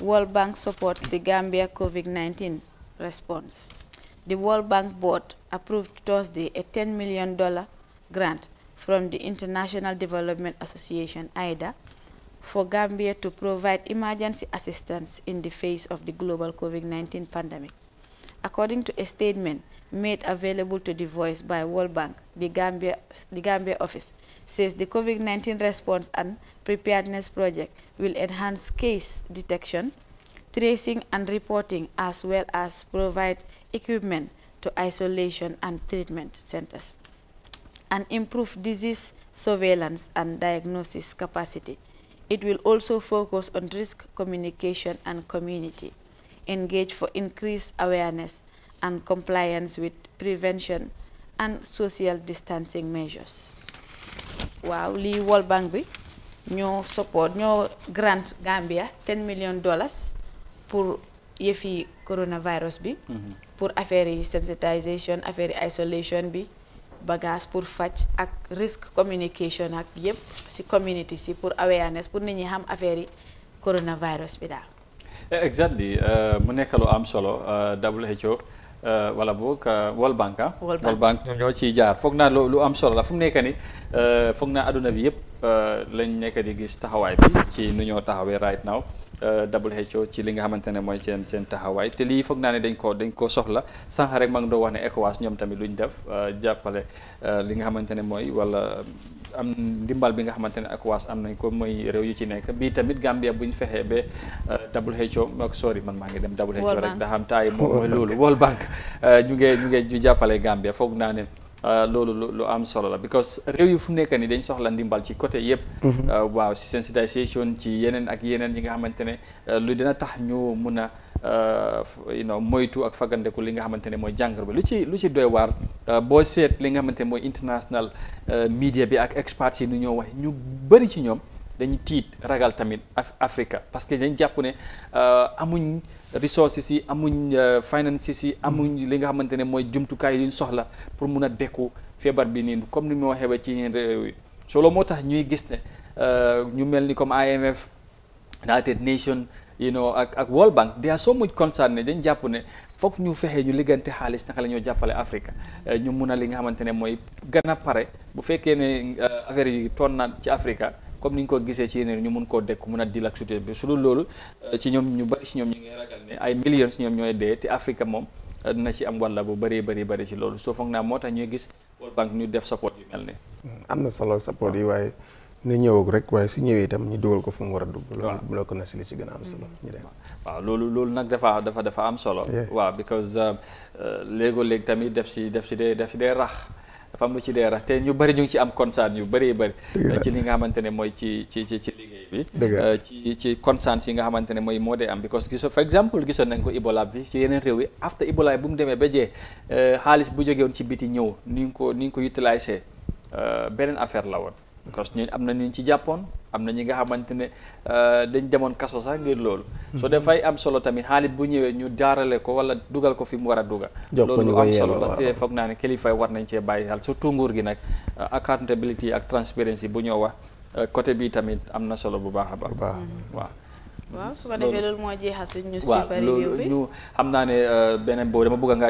World Bank supports the Gambia COVID-19 response. The World Bank Board approved Thursday a $10 million grant from the International Development Association, IDA, for Gambia to provide emergency assistance in the face of the global COVID-19 pandemic. According to a statement made available to the voice by World Bank, the Gambia, the Gambia office says the COVID-19 response and preparedness project will enhance case detection, tracing and reporting as well as provide equipment to isolation and treatment centers and improve disease surveillance and diagnosis capacity. It will also focus on risk communication and community engage for increased awareness and compliance with prevention and social distancing measures waaw lii World Bank bi ñoo support ñoo grant Gambia ten million dollars pour yëfi coronavirus bi mhm. pour affaire yi sensitisation affaire yi isolation bi bagage pour faj ak risk communication ak yëpp ci community si pour awareness pour nit ñi xam affaire yi coronavirus bi daal Eh, exactly eh, mu nekk lu am solo eh, WHO wala boog World Bank ah. World Bank ñoo ci jaar foog naa lu am solo la fu mu nekk nii foog naa àdduna bi yëpp lañ nekk di gis taxawaay bi ci nu ñoo taxawee right now. WHO ci li nga xamante ne mooy seen seen taxawaay te lii foog naa ne dañ ko dañ ko soxla sànq rek maa doo wax ne ECOWAS ñoom tamit luñ def jàppale li nga xamante ne mooy wala am ndimbal bi nga xamante ne ECOWAS am nañ ko mooy réew yu ci nekk bii tamit Gambia buñ fexee ba WHO ak oh, sorry man maa ngi dem WHO rek ndax am taay moom mooy loolu World Bank euh, ñu ngi ñu ngi ñu jàppale Gambia foog naa ne euh, loolu lu lu am solo la because réew yi fu nekk ni dañ soxla ndimbal ci côté yëpp mm-hmm. euh, waaw ci sensitisation ci yeneen ak yeneen yi nga xamante ne lu dina tax ñu mun a you know moytu ak fagandeku li nga xamante ne mooy jàngoro bi lu ci lu ci doy waar boo seet li nga xamante ne mooy international media bi ak experts yi nu ñoo wax ñu bëri ci ñoom dañu tiit ragal tamit Africa parce que dañ jàpp ne euh, amuñ resources yi amuñ euh, finances yi amuñ li nga xamante ne mooy jumtukaay yuñ soxla pour mun a dekku feebar bi nii comme ni moo xewee ci yeneen réew yi solo moo tax ñuy gis ne euh, ñu mel ni comme IMF United Nations you know ak ak World Bank they are so much ne dañ jàpp ne foog ñu fexe ñu liggante xaalis naka la ñoo jàppale africa ñu mun a li nga xamante ne mooy gën pare bu fekkee ne affaire yi toon na ci Afrique comme ni ñu ko gisee ci yeneen ñu mun koo dekk mun a dil ak suté bi su dul loolu euh, ci ñoom ñu bari si ñoom ñu ngi ragal ne ay millions ñoom ñooy dee te Afrique moom euh, dina ci am walla bu bëree bëri bëri ci loolu soo foog naa moo tax ñuy gis World Bank ñu def support yu mel ne mm, am na solo support yi waaye ne ñëwag rek waaye su ñëwee itam ñu dugal ko fu mu war a dugg. waaw loolu ko na si li ci gën a am solo. Mm. ñu dem waaw loolu loolu nag dafa dafa dafa am solo. waaw because euh, léegoo léegi tamit def si def si dee def si rax. dafa mu ci dee rax te ñu bari ñu ngi ci am consaan yu bëri bëri ci li nga xamante ne mooy ci ci ci ci liggéey bi euh, ci ci consaan yi nga xamante ne mooy moo dee am because giso for exemple gisoon nañ ko Ebola bi ci yeneen réew yi after Ebola bu mu demee ba jee euh, xaalis bu jógewoon ci biti ñëw ni ñu ko ni ñu ko utilisé euh, beneen affaire la woon because ñi am na ñu ci japon am na ñi nga xamante ne euh, dañ demoon kaso sax ngir so mhm. am solo tamit xaalis bu ñëwee ñu jaarale ko wala dugal ko fi mu duga loolu am solo la te foog naa ne kilifa war nañ cee bàyyi xel surtout tungur gi euh, accountability ak transparency bu ñoo wax euh, côté bi tamit am solo bu baax a baax mhm. waaw waaw su mo defee loolu moo jeexal suñu newspaper review bi waaw loolu ñu bo dama bëgg nga